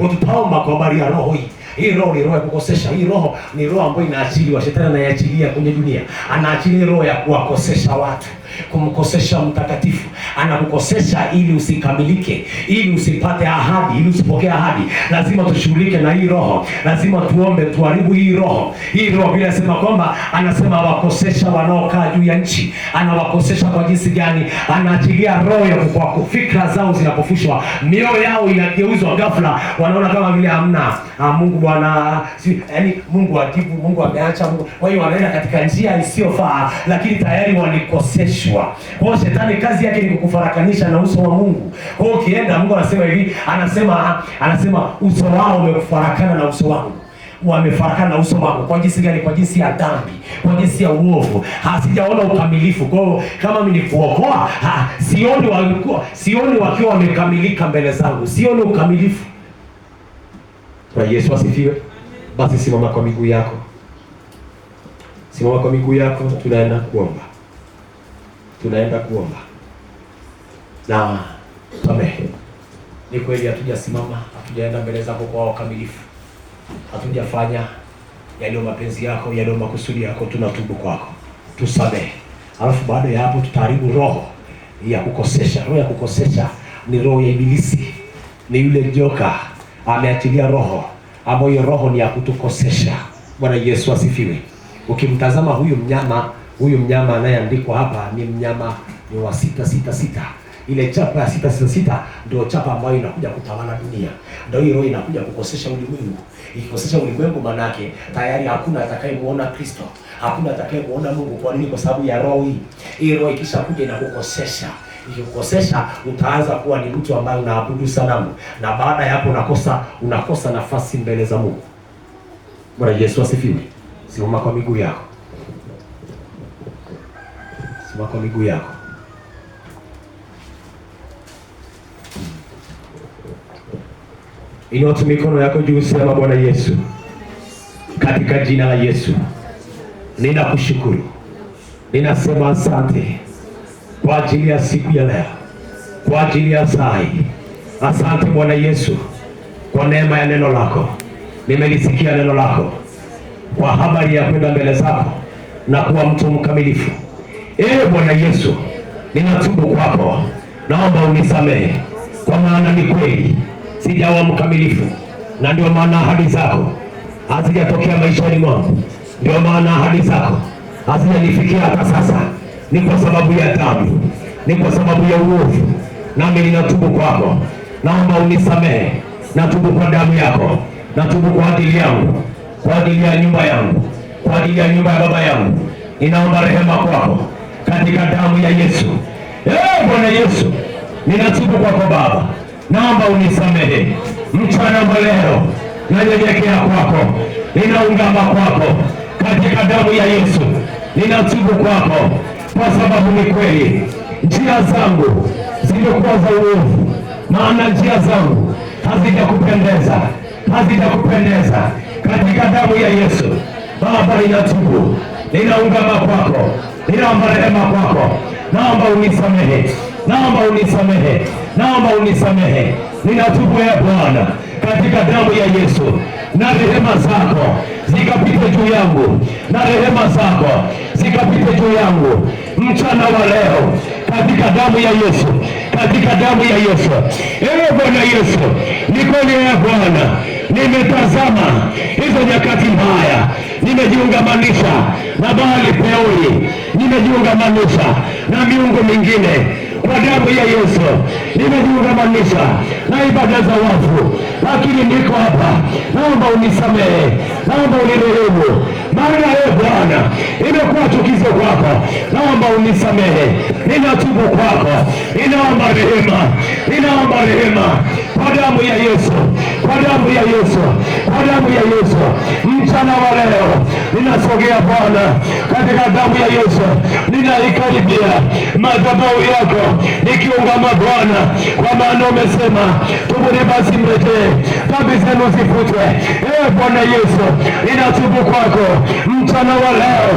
untaomba kwa habari ya roho hii. Hii roho ni roho ya kukosesha. Hii roho ni roho ambayo inaachiliwa, shetani anaiachilia kwenye dunia, anaachilia roho ya kuwakosesha watu kumkosesha mtakatifu, anamkosesha ili usikamilike, ili usipate ahadi, ili usipokee ahadi. Lazima tushughulike na hii roho, lazima tuombe, tuharibu hii roho. Hii roho bila sema kwamba anasema wakosesha wanaokaa juu ya nchi. Anawakosesha kwa jinsi gani? Anaachilia roho ya kukwaku, fikra zao zinapofushwa, mioyo yao inageuzwa ghafla, wanaona kama vile hamna ah, Mungu Bwana, yaani Mungu ajibu, Mungu ameacha, Mungu. Kwa hiyo wanaenda katika njia isiyofaa, lakini tayari wanikosesha kufarakanishwa. Kwa hiyo shetani kazi yake ni kukufarakanisha na uso wa Mungu. Kwa hiyo ukienda, Mungu anasema hivi, anasema anasema uso wao umekufarakana na uso wangu wamefarakana na uso wangu. Kwa jinsi gani? Kwa jinsi ya dhambi, kwa jinsi ya uovu, hasijaona ukamilifu. Kwa hiyo kama mimi nikuokoa, sioni walikuwa, sioni wakiwa wamekamilika mbele zangu, sioni ukamilifu. Kwa Yesu asifiwe. Basi simama kwa miguu yako, simama kwa miguu yako, tunaenda kuomba tunaenda kuomba na samehe. Ni kweli hatujasimama, hatujaenda mbele zako kwa wakamilifu, hatujafanya yaliyo mapenzi yako, yaliyo makusudi yako. Tunatubu kwako, tusamehe. Alafu baada ya hapo tutaharibu roho ya kukosesha. Roho ya kukosesha ni roho ya Ibilisi, ni yule joka ameachilia roho ambayo roho ni ya kutukosesha. Bwana Yesu asifiwe. Ukimtazama huyu mnyama huyu mnyama anayeandikwa hapa ni mnyama ni wa sita sita sita. Ile chapa ya sita sita sita ndio chapa ambayo inakuja kutawala dunia, ndio hiyo roho inakuja kukosesha ulimwengu. Ikikosesha ulimwengu, maana yake tayari hakuna atakayemuona Kristo, hakuna atakayemuona Mungu. Kwa nini? Kwa sababu ya roho hii. Hii roho ikishakuja inakukosesha ikikosesha utaanza kuwa ni mtu ambaye unaabudu sanamu, na baada ya hapo unakosa unakosa nafasi mbele za Mungu. Bwana Yesu asifiwe. Simama kwa miguu yako simama kwa miguu yako. Inua tu mikono yako juu, sema Bwana Yesu, katika jina la Yesu ninakushukuru, ninasema asante kwa ajili ya siku ya leo, kwa ajili ya saa hii. Asante Bwana Yesu kwa neema ya neno lako, nimelisikia neno lako kwa habari ya kwenda mbele zako na kuwa mtu mkamilifu Ee Bwana Yesu, ninatubu kwako, naomba unisamehe, kwa maana ni kweli sijawa mkamilifu, na ndio maana ahadi zako hazijatokea maishani mwangu, ndio maana ahadi zako hazijanifikia hata sasa. Ni kwa sababu ya dhambi, ni kwa sababu ya uovu, nami ninatubu kwako, naomba unisamehe. Natubu kwa damu yako, natubu kwa ajili yangu, kwa ajili ya nyumba yangu, kwa ajili ya nyumba ya baba yangu, ninaomba rehema kwako Yesu. Ee Bwana Yesu, ninatubu kwako Baba, naomba unisamehe mchana wa leo, nanyenyekea kwako, ninaungama kwako katika damu ya Yesu, ninatubu kwako kwa sababu ni kweli njia zangu zilikuwa za uovu, maana njia zangu hazijakupendeza, hazijakupendeza. Katika damu ya Yesu Baba, ninatubu, ninaungama kwako, ninaomba rehema kwako naomba unisamehe, naomba unisamehe, naomba unisamehe, ninatubu ya Bwana katika damu ya Yesu, na rehema zako zikapite juu yangu, na rehema zako zikapite juu yangu mchana wa leo, katika damu ya Yesu, katika damu ya Yesu. Ewe Bwana Yesu, nikolia ya Bwana, nimetazama hizo nyakati mbaya, nimejiungamanisha na bahali peuli ninajiungamanisha na miungu mingine kwa damu ya Yesu, ninajiungamanisha na ibada za wafu, lakini niko hapa, naomba unisamehe, naomba unirehemu, maana ye Bwana imekuwa chukizo kwako, naomba unisamehe, ninatubu kwako, ninaomba rehema, ninaomba rehema kwa damu ya Yesu, kwa damu ya Yesu, kwa damu ya Yesu. Mchana wa leo ninasogea Bwana, katika damu ya Yesu ninaikaribia madhabahu yako nikiungama Bwana, kwa maana umesema tubuni basi mletee dhambi zenu zifutwe. Ee Bwana Yesu, ninatubu kwako mchana wa leo,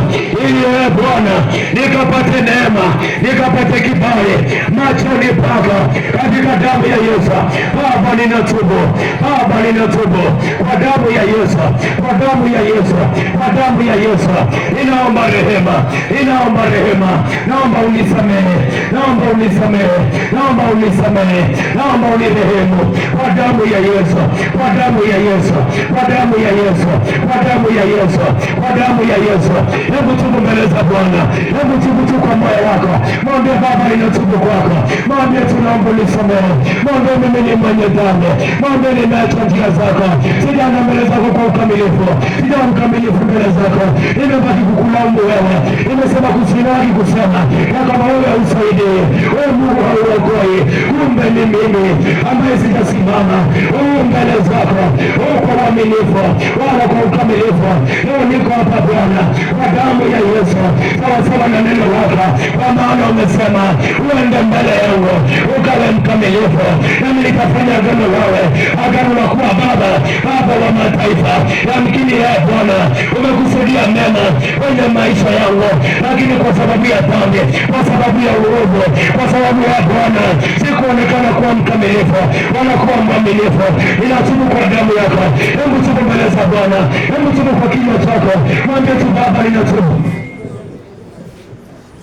ili wewe Bwana nikapate neema, nikapate kibali, macho nipaka katika damu ya Yesu. Baba ninatubu, Baba ninatubu kwa damu ya Yesu, kwa damu ya Yesu, kwa damu ya Yesu. Ninaomba rehema, ninaomba rehema, naomba unisamehe, naomba unisamehe, naomba unisamehe, naomba unirehemu kwa damu ya Yesu, kwa damu ya Yesu, kwa damu ya Yesu, kwa damu ya Yesu, kwa damu ya Yesu. Hebu tubu mbele za Bwana, hebu tubu tu kwa moyo wako, mwambie Baba, inatubu kwako, mwambie tunaomba unisamehe, mwambie mimi ni mwenye dhambi, mwambie nimeacha njia zako, sijana mbele zako kwa ukamilifu kuwa mkamilifu mbele zako. Imebaki kukulaumu wewe, imesema kusinaki kusema na kama wewe hausaidii, wewe Mungu hauokoi, kumbe ni mimi ambaye sitasimama huu mbele zako huu kwa uaminifu wala kwa ukamilifu. Leo niko hapa Bwana kwa damu ya Yesu, sawasawa na neno lako, kwa maana umesema uende mbele yangu ukawe mkamilifu, nami nitafanya agano nawe, agano la kuwa baba baba wa mataifa yamkini Bwana umekusudia mema kwenye maisha yangu, lakini kwa sababu ya dhambi, kwa sababu ya uovu, kwa sababu ya Bwana sikuonekana kuwa mkamilifu wala kuwa mwaminifu. Ninatubu kwa damu yako, hebu tubu mbele za Bwana, hebu tubu kwa kinywa chako, mwambie tu Baba, ninatubu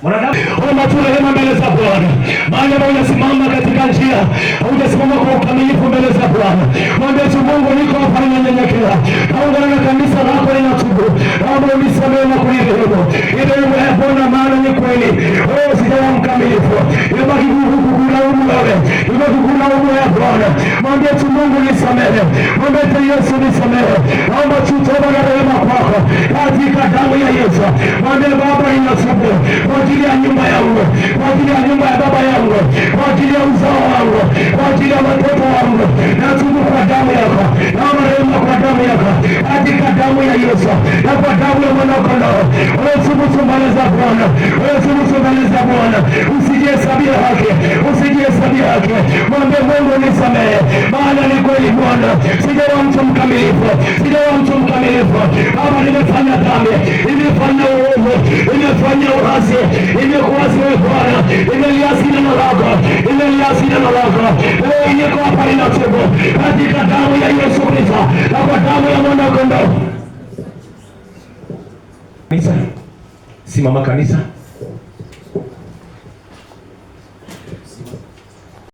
Omba tu rehema mbele za Bwana, mahali ambapo unasimama katika njia, hujasimama kwa ukamilifu mbele za Bwana. Mwambie tu Mungu, niko hapa ninanyenyekea, naungana na kanisa lako linatubu, naomba unisamehe na kunirehemu. Ile Bwana, maana ni kweli oh, pewa mkamilifu, ibaki kukulaumu wewe, ibaki kulaumu ya Bwana. Mwambie tu Mungu nisamehe, mwambie tu Yesu nisamehe, naomba tu toba na rehema kwako katika damu ya Yesu. Mwambie Baba, ninatubu kwa ajili ya nyumba yangu, kwa ajili ya nyumba ya baba yangu, kwa ajili ya uzao wangu, kwa ajili ya watoto wangu, natubu kwa damu yako, naomba rehema kwa damu yako, katika damu ya Yesu na kwa damu ya mwana kondoo. Wewe tubu tumbale za Bwana, wewe la Bwana, usijihesabie haki, usijihesabie haki, mwambie Mungu nisamehe, maana ni kweli Bwana, sijawa mtu mkamilifu, sijawa mtu mkamilifu. kama nimefanya dhambi, nimefanya uovu, nimefanya urasi, nimekuasi wewe Bwana, nimeliasi neno lako, nimeliasi neno lako. Leo niko hapa ninatubu katika damu ya Yesu Kristo na kwa damu ya mwana kondoo. Kanisa, simama kanisa.